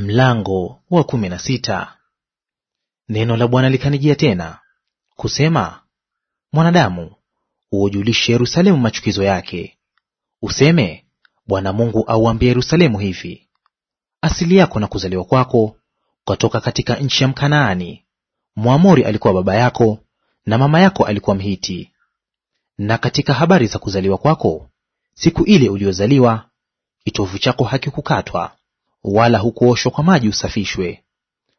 Mlango wa kumi na sita. Neno la Bwana likanijia tena kusema, mwanadamu, uojulishe Yerusalemu machukizo yake, useme, Bwana Mungu auambie Yerusalemu hivi, asili yako na kuzaliwa kwako ukatoka katika nchi ya Mkanaani, Mwamori alikuwa baba yako na mama yako alikuwa Mhiti. Na katika habari za kuzaliwa kwako, siku ile uliozaliwa, kitovu chako hakikukatwa wala hukuoshwa kwa maji usafishwe,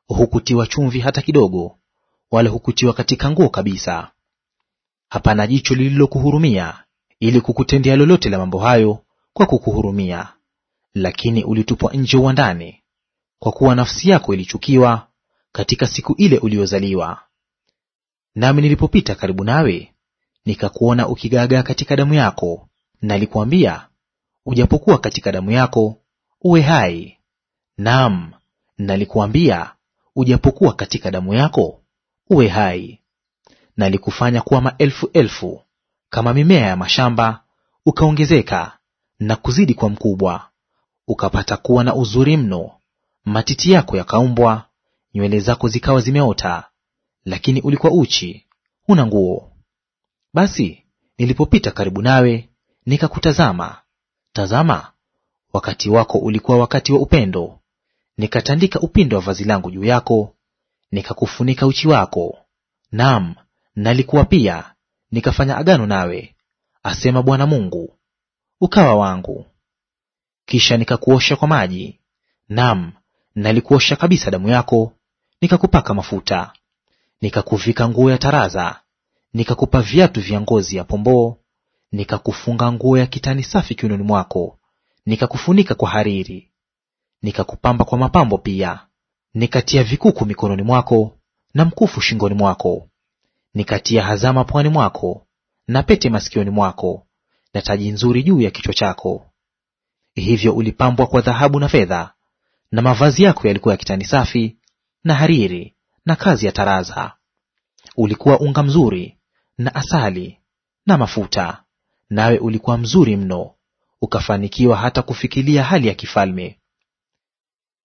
hukutiwa chumvi hata kidogo, wala hukutiwa katika nguo kabisa. Hapana jicho lililokuhurumia ili kukutendea lolote la mambo hayo kwa kukuhurumia, lakini ulitupwa nje uwandani, kwa kuwa nafsi yako ilichukiwa katika siku ile uliozaliwa. Nami nilipopita karibu nawe, nikakuona ukigaagaa katika damu yako, nalikwambia, ujapokuwa katika damu yako uwe hai. Naam, nalikuambia ujapokuwa katika damu yako uwe hai. Nalikufanya kuwa maelfu elfu kama mimea ya mashamba, ukaongezeka na kuzidi kwa mkubwa, ukapata kuwa na uzuri mno, matiti yako yakaumbwa, nywele zako zikawa zimeota, lakini ulikuwa uchi, huna nguo. Basi nilipopita karibu nawe, nikakutazama; tazama, wakati wako ulikuwa wakati wa upendo, nikatandika upindo wa vazi langu juu yako, nikakufunika uchi wako; naam, nalikuwa pia nikafanya agano nawe, asema Bwana Mungu, ukawa wangu. Kisha nikakuosha kwa maji, naam, nalikuosha kabisa damu yako, nikakupaka mafuta, nikakuvika nguo ya taraza, nikakupa viatu vya ngozi ya pomboo, nikakufunga nguo ya kitani safi kiunoni mwako, nikakufunika kwa hariri nikakupamba kwa mapambo pia, nikatia vikuku mikononi mwako na mkufu shingoni mwako, nikatia hazama pwani mwako na pete masikioni mwako na taji nzuri juu ya kichwa chako. Hivyo ulipambwa kwa dhahabu na fedha, na mavazi yako yalikuwa ya kitani safi na hariri na kazi ya taraza. Ulikuwa unga mzuri na asali na mafuta, nawe ulikuwa mzuri mno, ukafanikiwa hata kufikilia hali ya kifalme.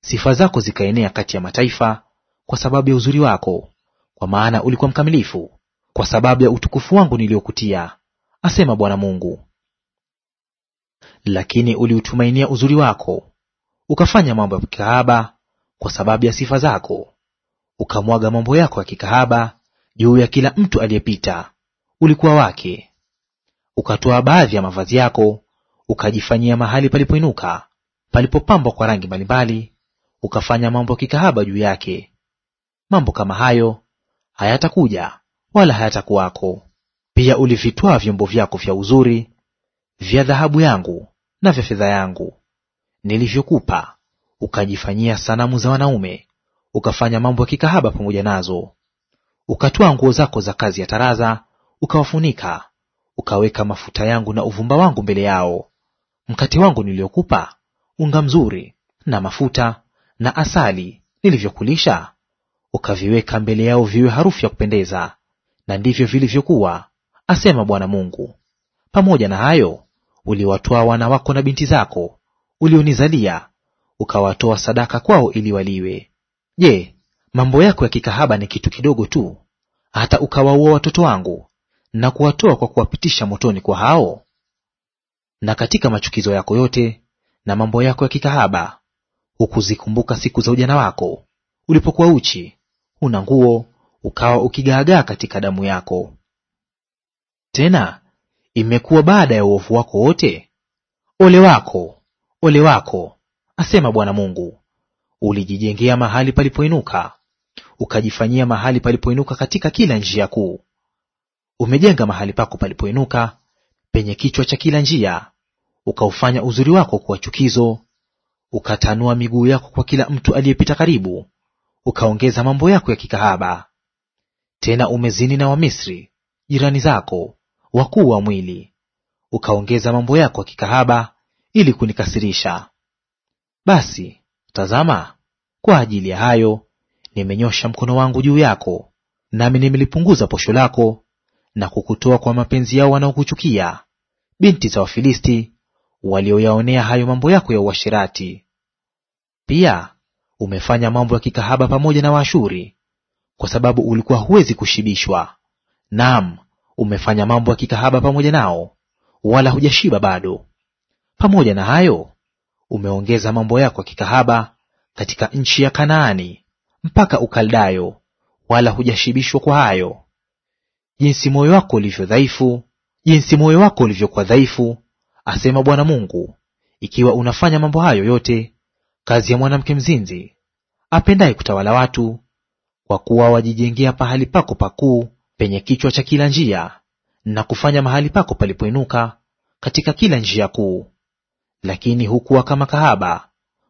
Sifa zako zikaenea kati ya mataifa kwa sababu ya uzuri wako, kwa maana ulikuwa mkamilifu kwa sababu ya utukufu wangu niliokutia, asema Bwana Mungu. Lakini uliutumainia uzuri wako, ukafanya mambo ya kikahaba kwa sababu ya sifa zako, ukamwaga mambo yako ya kikahaba juu ya kila mtu aliyepita, ulikuwa wake. Ukatoa baadhi ya mavazi yako, ukajifanyia mahali palipoinuka, palipopambwa kwa rangi mbalimbali ukafanya mambo ya kikahaba juu yake. Mambo kama hayo hayatakuja wala hayatakuwako. Pia ulivitwaa vyombo vyako vya uzuri vya dhahabu yangu na vya fedha yangu nilivyokupa, ukajifanyia sanamu za wanaume, ukafanya mambo ya kikahaba pamoja nazo. Ukatwaa nguo zako za kazi ya taraza, ukawafunika, ukaweka mafuta yangu na uvumba wangu mbele yao. Mkate wangu niliokupa, unga mzuri na mafuta na asali nilivyokulisha, ukaviweka mbele yao viwe harufu ya kupendeza, na ndivyo vilivyokuwa, asema Bwana Mungu. Pamoja na hayo, uliwatoa wana wako na binti zako ulionizalia, ukawatoa sadaka kwao ili waliwe. Je, mambo yako ya kikahaba ni kitu kidogo tu, hata ukawaua watoto wangu na kuwatoa kwa kuwapitisha motoni kwa hao? Na katika machukizo yako yote na mambo yako ya kikahaba Hukuzikumbuka siku za ujana wako, ulipokuwa uchi, huna nguo, ukawa ukigaagaa katika damu yako. Tena imekuwa baada ya uovu wako wote, ole wako, ole wako, asema Bwana Mungu. Ulijijengea mahali palipoinuka, ukajifanyia mahali palipoinuka katika kila njia kuu. Umejenga mahali pako palipoinuka penye kichwa cha kila njia, ukaufanya uzuri wako kuwa chukizo ukatanua miguu yako kwa kila mtu aliyepita karibu, ukaongeza mambo yako ya kikahaba. Tena umezini na Wamisri jirani zako, wakuu wa mwili, ukaongeza mambo yako ya kikahaba ili kunikasirisha. Basi tazama, kwa ajili ya hayo nimenyosha mkono wangu juu yako, nami nimelipunguza posho lako na kukutoa kwa mapenzi yao wanaokuchukia, binti za Wafilisti walioyaonea hayo mambo yako ya uashirati Pia umefanya mambo ya kikahaba pamoja na Waashuri, kwa sababu ulikuwa huwezi kushibishwa. Naam, umefanya mambo ya kikahaba pamoja nao, wala hujashiba bado. Pamoja na hayo umeongeza mambo yako ya kikahaba katika nchi ya Kanaani mpaka Ukaldayo, wala hujashibishwa kwa hayo. Jinsi moyo wako ulivyo dhaifu, jinsi moyo wako ulivyokuwa dhaifu, asema Bwana Mungu, ikiwa unafanya mambo hayo yote, kazi ya mwanamke mzinzi apendaye kutawala watu, kwa kuwa wajijengea pahali pako pakuu penye kichwa cha kila njia, na kufanya mahali pako palipoinuka katika kila njia kuu. Lakini hukuwa kama kahaba,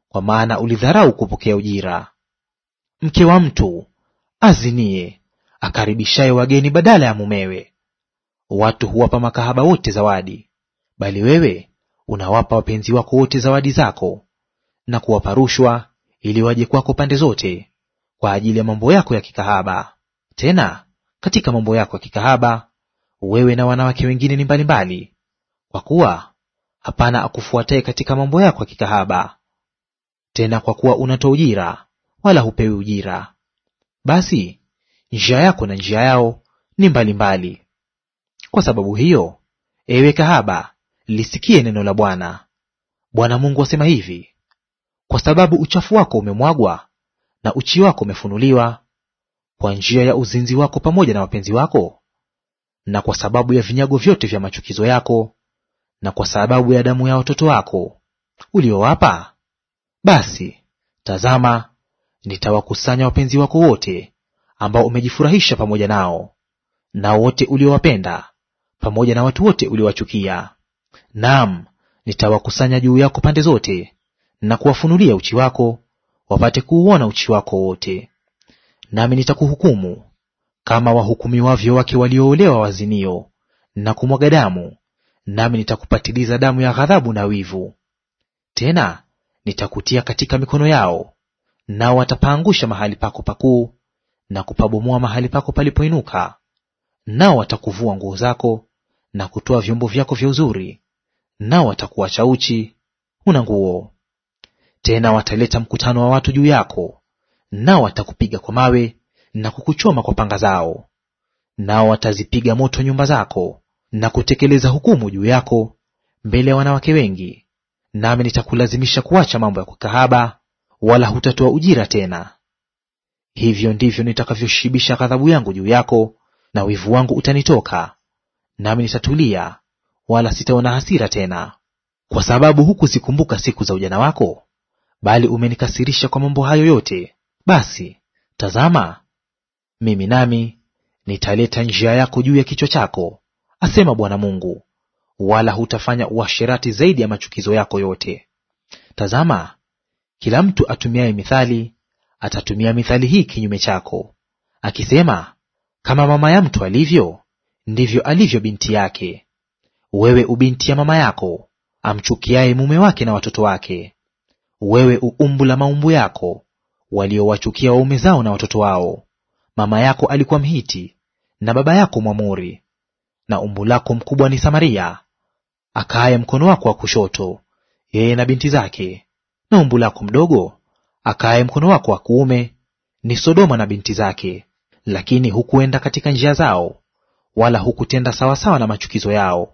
kwa maana ulidharau kupokea ujira. Mke wa mtu azinie, akaribishaye wageni badala ya mumewe. Watu huwapa makahaba wote zawadi, Bali wewe unawapa wapenzi wako wote zawadi zako na kuwapa rushwa, ili waje kwako pande zote kwa ajili ya mambo yako ya kikahaba. Tena katika mambo yako ya kikahaba wewe na wanawake wengine ni mbalimbali, kwa kuwa hapana akufuataye katika mambo yako ya kikahaba. Tena kwa kuwa unatoa ujira, wala hupewi ujira, basi njia yako na njia yao ni mbalimbali mbali. Kwa sababu hiyo, ewe kahaba, lisikie neno la Bwana. Bwana Mungu asema hivi: kwa sababu uchafu wako umemwagwa na uchi wako umefunuliwa, kwa njia ya uzinzi wako pamoja na wapenzi wako, na kwa sababu ya vinyago vyote vya machukizo yako, na kwa sababu ya damu ya watoto wako uliowapa, basi tazama, nitawakusanya wapenzi wako wote ambao umejifurahisha pamoja nao, nao wote uliowapenda pamoja na watu wote uliowachukia. Naam, nitawakusanya juu yako pande zote na kuwafunulia uchi wako, wapate kuuona uchi wako wote. Nami nitakuhukumu kama wahukumiwavyo wake walioolewa wazinio na kumwaga damu, nami nitakupatiliza damu ya ghadhabu na wivu. Tena nitakutia katika mikono yao, nao watapaangusha mahali pako pakuu na kupabomoa mahali pako palipoinuka, nao watakuvua nguo zako na kutoa vyombo vyako vya uzuri nao watakuacha uchi, huna nguo. Tena wataleta mkutano wa watu juu yako, nao watakupiga kwa mawe na kukuchoma kwa panga zao. Nao watazipiga moto nyumba zako na kutekeleza hukumu juu yako mbele ya wanawake wengi, nami nitakulazimisha kuacha mambo ya kukahaba, wala hutatoa ujira tena. Hivyo ndivyo nitakavyoshibisha ghadhabu yangu juu yako, na wivu wangu utanitoka, nami nitatulia wala sitaona hasira tena, kwa sababu hukuzikumbuka siku za ujana wako, bali umenikasirisha kwa mambo hayo yote. Basi tazama, mimi nami nitaleta njia yako juu ya kichwa chako, asema Bwana Mungu, wala hutafanya uasherati zaidi ya machukizo yako yote. Tazama, kila mtu atumiaye mithali atatumia mithali hii kinyume chako, akisema, kama mama ya mtu alivyo, ndivyo alivyo binti yake, wewe ubinti ya mama yako, amchukiaye mume wake na watoto wake, wewe uumbu la maumbu yako, waliowachukia waume zao na watoto wao. Mama yako alikuwa Mhiti na baba yako Mwamori, na umbu lako mkubwa ni Samaria, akaaye mkono wako wa kushoto, yeye na binti zake, na umbu lako mdogo akaaye mkono wako wa kuume ni Sodoma na binti zake. Lakini hukuenda katika njia zao, wala hukutenda sawasawa na machukizo yao,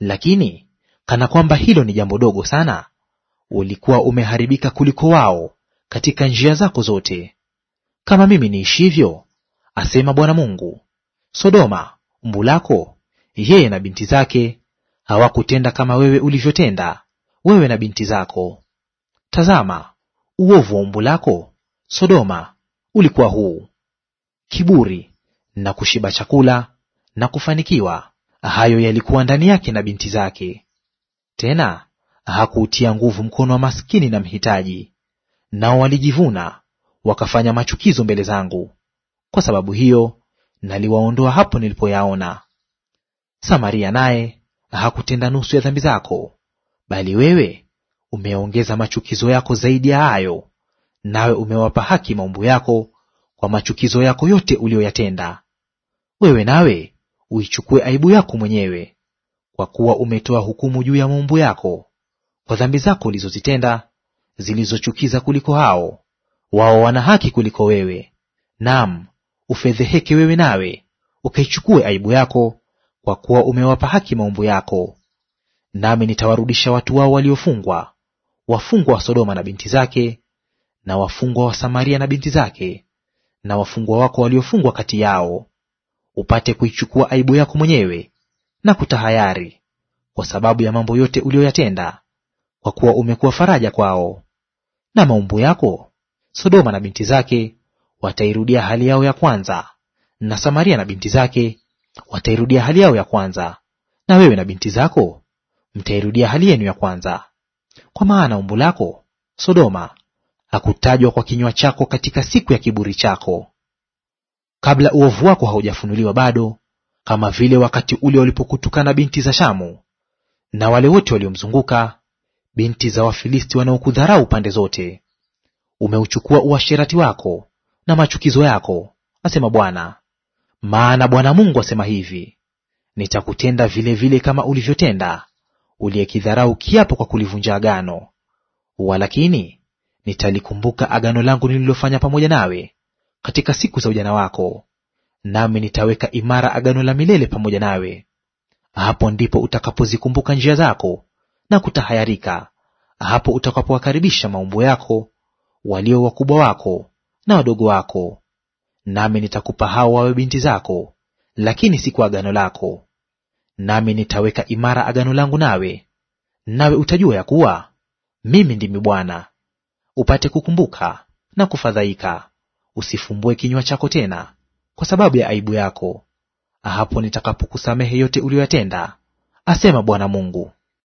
lakini kana kwamba hilo ni jambo dogo sana, ulikuwa umeharibika kuliko wao katika njia zako zote. Kama mimi niishivyo, asema Bwana Mungu, Sodoma umbu lako yeye na binti zake hawakutenda kama wewe ulivyotenda wewe na binti zako. Tazama, uovu wa umbu lako Sodoma ulikuwa huu: kiburi na kushiba chakula na kufanikiwa hayo yalikuwa ndani yake na binti zake. Tena hakuutia nguvu mkono wa maskini na mhitaji, nao walijivuna wakafanya machukizo mbele zangu. Kwa sababu hiyo naliwaondoa hapo nilipoyaona. Samaria naye hakutenda nusu ya dhambi zako, bali wewe umeongeza machukizo yako zaidi ya hayo, nawe umewapa haki maumbu yako kwa machukizo yako yote uliyoyatenda. Wewe nawe uichukue aibu yako mwenyewe, kwa kuwa umetoa hukumu juu ya maumbu yako, kwa dhambi zako ulizozitenda zilizochukiza kuliko hao; wao wana haki kuliko wewe. Naam, ufedheheke wewe nawe ukaichukue aibu yako, kwa kuwa umewapa haki maumbu yako. Nami nitawarudisha watu wao waliofungwa, wafungwa wa Sodoma na binti zake, na wafungwa wa Samaria na binti zake, na wafungwa wako waliofungwa kati yao upate kuichukua aibu yako mwenyewe na kutahayari kwa sababu ya mambo yote uliyoyatenda, kwa kuwa umekuwa faraja kwao. Na maumbu yako Sodoma na binti zake watairudia hali yao ya kwanza, na Samaria na binti zake watairudia hali yao ya kwanza, na wewe na binti zako mtairudia hali yenu ya kwanza. Kwa maana umbu lako Sodoma hakutajwa kwa kinywa chako katika siku ya kiburi chako kabla uovu wako haujafunuliwa bado, kama vile wakati ule walipokutukana binti za Shamu na wale wote waliomzunguka, binti za Wafilisti wanaokudharau pande zote. Umeuchukua uasherati wako na machukizo yako, asema Bwana. Maana Bwana Mungu asema hivi, nitakutenda vilevile vile kama ulivyotenda, uliyekidharau kiapo kwa kulivunja agano. Walakini nitalikumbuka agano langu nililofanya pamoja nawe katika siku za ujana wako, nami nitaweka imara agano la milele pamoja nawe. Hapo ndipo utakapozikumbuka njia zako na kutahayarika, hapo utakapowakaribisha maumbo yako, walio wakubwa wako na wadogo wako. Nami nitakupa hao wawe binti zako, lakini si kwa agano lako. Nami nitaweka imara agano langu nawe, nawe utajua ya kuwa mimi ndimi Bwana, upate kukumbuka na kufadhaika usifumbue kinywa chako tena kwa sababu ya aibu yako, hapo nitakapokusamehe yote uliyoyatenda, asema Bwana Mungu.